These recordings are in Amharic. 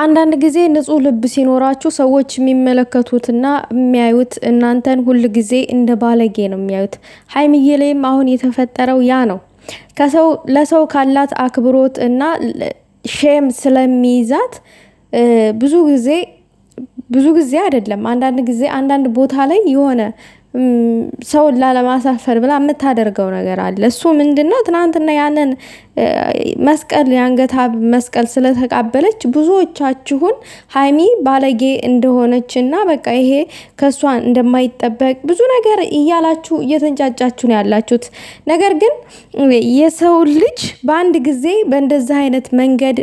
አንዳንድ ጊዜ ንጹህ ልብ ሲኖራችሁ ሰዎች የሚመለከቱትና የሚያዩት እናንተን ሁል ጊዜ እንደ ባለጌ ነው የሚያዩት። ሀይሚዬ ላይም አሁን የተፈጠረው ያ ነው። ከሰው ለሰው ካላት አክብሮት እና ሼም ስለሚይዛት ብዙ ጊዜ ብዙ ጊዜ አይደለም አንዳንድ ጊዜ አንዳንድ ቦታ ላይ የሆነ ሰውን ላለማሳፈር ብላ የምታደርገው ነገር አለ። እሱ ምንድን ነው? ትናንትና ያንን መስቀል የአንገት ሀብ መስቀል ስለተቃበለች ብዙዎቻችሁን ሀይሚ ባለጌ እንደሆነች እና በቃ ይሄ ከእሷ እንደማይጠበቅ ብዙ ነገር እያላችሁ እየተንጫጫችሁ ነው ያላችሁት። ነገር ግን የሰው ልጅ በአንድ ጊዜ በእንደዚህ አይነት መንገድ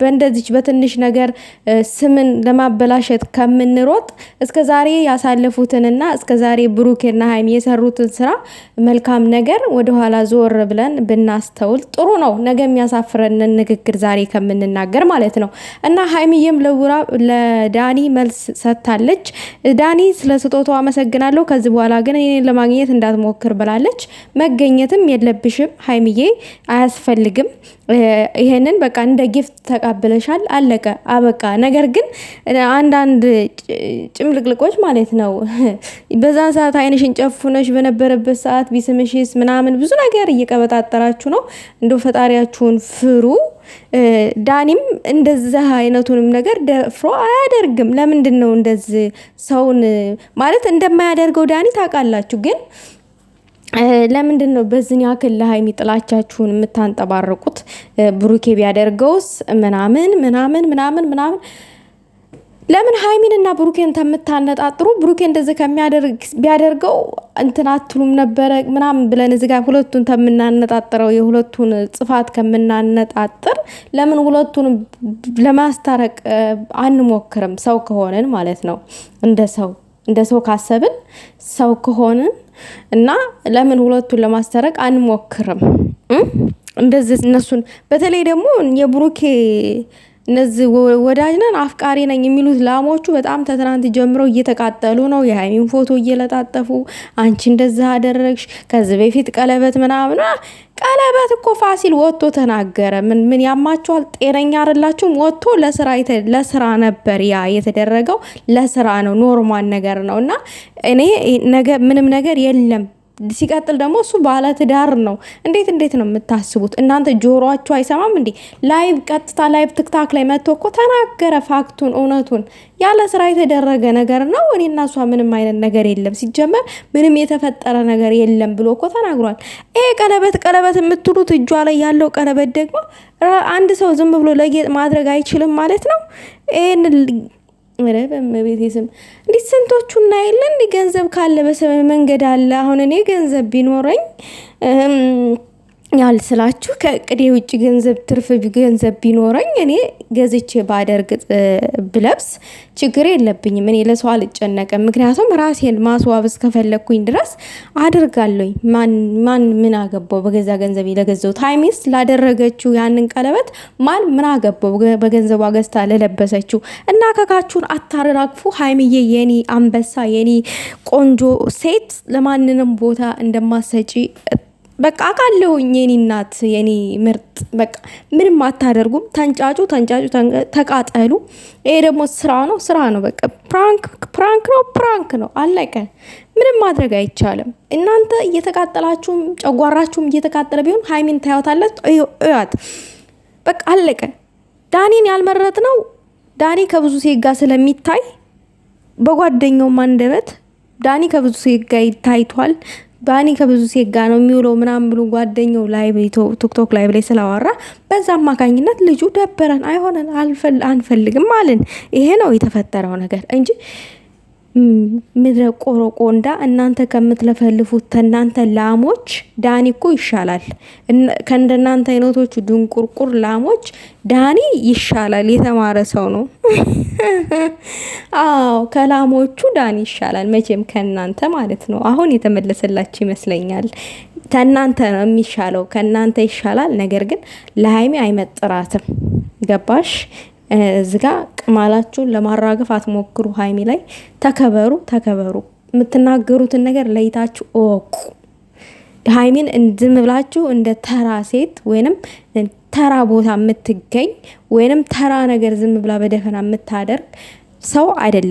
በእንደዚች በትንሽ ነገር ስምን ለማበላሸት ከምንሮጥ እስከ ዛሬ ያሳለፉትንና እስከ ዛሬ ብሩኬና ሀይሚ የሰሩትን ስራ መልካም ነገር ወደኋላ ዞር ብለን ብናስተውል ጥሩ ነው ነገ የሚያሳፍረንን ንግግር ዛሬ ከምንናገር ማለት ነው። እና ሀይሚዬም ለውራ ለዳኒ መልስ ሰጥታለች። ዳኒ ስለ ስጦታው አመሰግናለሁ፣ ከዚህ በኋላ ግን እኔን ለማግኘት እንዳትሞክር ብላለች። መገኘትም የለብሽም ሀይሚዬ፣ አያስፈልግም። ይሄንን በቃ እንደ ጊፍት ተቀብለሻል፣ አለቀ አበቃ። ነገር ግን አንዳንድ ጭምልቅልቆች ማለት ነው በዛን ሰዓት አይንሽን ጨፉነሽ በነበረበት ሰዓት ቢስምሽስ ምናምን ብዙ ነገር እየቀበጣጠራችሁ ነው እንደው ፈጣሪያችሁን ፍሩ። ዳኒም እንደዚህ አይነቱንም ነገር ደፍሮ አያደርግም። ለምንድን ነው እንደዚህ ሰውን ማለት እንደማያደርገው ዳኒ ታውቃላችሁ ግን ለምንድን ነው በዚህን ያክል ለሀይሚ ጥላቻችሁን የምታንጠባርቁት? ብሩኬ ቢያደርገውስ ምናምን ምናምን ምናምን ምናምን ለምን ሀይሚን እና ብሩኬን ተምታነጣጥሩ? ብሩኬ እንደዚህ ቢያደርገው እንትን አትሉም ነበረ ምናምን ብለን እዚጋ ሁለቱን ተምናነጣጥረው የሁለቱን ጽፋት ከምናነጣጥር ለምን ሁለቱን ለማስታረቅ አንሞክርም? ሰው ከሆንን ማለት ነው። እንደ ሰው እንደ ሰው ካሰብን ሰው ከሆንን እና ለምን ሁለቱን ለማስታረቅ አንሞክርም? እንደዚህ እነሱን በተለይ ደግሞ የብሩኬ እነዚህ ወዳጅ ነን አፍቃሪ ነኝ የሚሉት ላሞቹ በጣም ተትናንት ጀምሮ እየተቃጠሉ ነው። የሀይሚን ፎቶ እየለጣጠፉ አንቺ እንደዛ አደረግሽ፣ ከዚህ በፊት ቀለበት ምናምና ቀለበት እኮ ፋሲል ወጥቶ ተናገረ። ምን ምን ያማቸዋል? ጤነኛ አይደላችሁም። ወጥቶ ለስራ ነበር ያ የተደረገው፣ ለስራ ነው፣ ኖርማል ነገር ነው። እና እኔ ምንም ነገር የለም ሲቀጥል ደግሞ እሱ ባለ ትዳር ነው። እንዴት እንዴት ነው የምታስቡት እናንተ? ጆሮቸው አይሰማም እንዴ? ላይቭ ቀጥታ ላይቭ ትክታክ ላይ መጥቶ እኮ ተናገረ ፋክቱን፣ እውነቱን ያለ ስራ የተደረገ ነገር ነው። እና እሷ ምንም አይነት ነገር የለም ሲጀመር ምንም የተፈጠረ ነገር የለም ብሎ እኮ ተናግሯል። ይሄ ቀለበት ቀለበት የምትሉት እጇ ላይ ያለው ቀለበት ደግሞ አንድ ሰው ዝም ብሎ ለጌጥ ማድረግ አይችልም ማለት ነው። ይህን ኧረ በእመቤቴ ስም እንዲህ ስንቶቹ እናየለን። እንዲህ ገንዘብ ካለ በሰማይ መንገድ አለ። አሁን እኔ ገንዘብ ቢኖረኝ ያል ስላችሁ ከእቅዴ ውጭ ገንዘብ ትርፍ ገንዘብ ቢኖረኝ እኔ ገዝቼ ባደርግ ብለብስ ችግር የለብኝም። እኔ ለሰው አልጨነቅም። ምክንያቱም ራሴን ማስዋብ እስከፈለግኩኝ ድረስ አድርጋለኝ። ማን ምን አገባው? በገዛ ገንዘብ ለገዘው ታይሚስ ላደረገችው ያንን ቀለበት ማን ምን አገባው? በገንዘቡ ገዝታ ለለበሰችው እና ከካችሁን አታረራግፉ። ሀይምዬ የኔ አንበሳ፣ የኔ ቆንጆ ሴት ለማንንም ቦታ እንደማሰጪ በቃ አውቃለሁኝ። የኔ እናት የኔ ምርጥ በቃ ምንም አታደርጉም። ተንጫጩ ተንጫጩ፣ ተቃጠሉ። ይሄ ደግሞ ስራ ነው ስራ ነው። በቃ ፕራንክ ፕራንክ ነው ፕራንክ ነው አለቀ። ምንም ማድረግ አይቻልም። እናንተ እየተቃጠላችሁም ጨጓራችሁም እየተቃጠለ ቢሆን ሀይሚን ታያታላችሁ፣ እያት በቃ አለቀ። ዳኒን ያልመረጥ ነው ዳኒ ከብዙ ሴት ጋር ስለሚታይ በጓደኛውም አንደበት ዳኒ ከብዙ ሴት ጋር ታይቷል። ባኒ ከብዙ ሴት ጋር ነው የሚውለው ምናምን ብሎ ጓደኛው ላይ ቲክቶክ ላይ ላይ ስላወራ በዛ አማካኝነት ልጁ ደበረን፣ አይሆነን፣ አንፈልግም አለን። ይሄ ነው የተፈጠረው ነገር እንጂ ምድረ ቆሮቆንዳ እናንተ ከምትለፈልፉት ከእናንተ ላሞች ዳኒ እኮ ይሻላል። ከእንደናንተ አይነቶቹ ድንቁርቁር ላሞች ዳኒ ይሻላል። የተማረ ሰው ነው። አዎ ከላሞቹ ዳኒ ይሻላል መቼም ከእናንተ ማለት ነው። አሁን የተመለሰላችሁ ይመስለኛል። ከእናንተ ነው የሚሻለው፣ ከእናንተ ይሻላል። ነገር ግን ለሀይሜ አይመጥራትም። ገባሽ እዚጋ መሃላችሁን ለማራገፍ አትሞክሩ። ሀይሚ ላይ ተከበሩ፣ ተከበሩ። የምትናገሩትን ነገር ለይታችሁ እወቁ። ሀይሚን ዝም ብላችሁ እንደ ተራ ሴት ወይንም ተራ ቦታ የምትገኝ ወይንም ተራ ነገር ዝም ብላ በደፈና የምታደርግ ሰው አይደለም።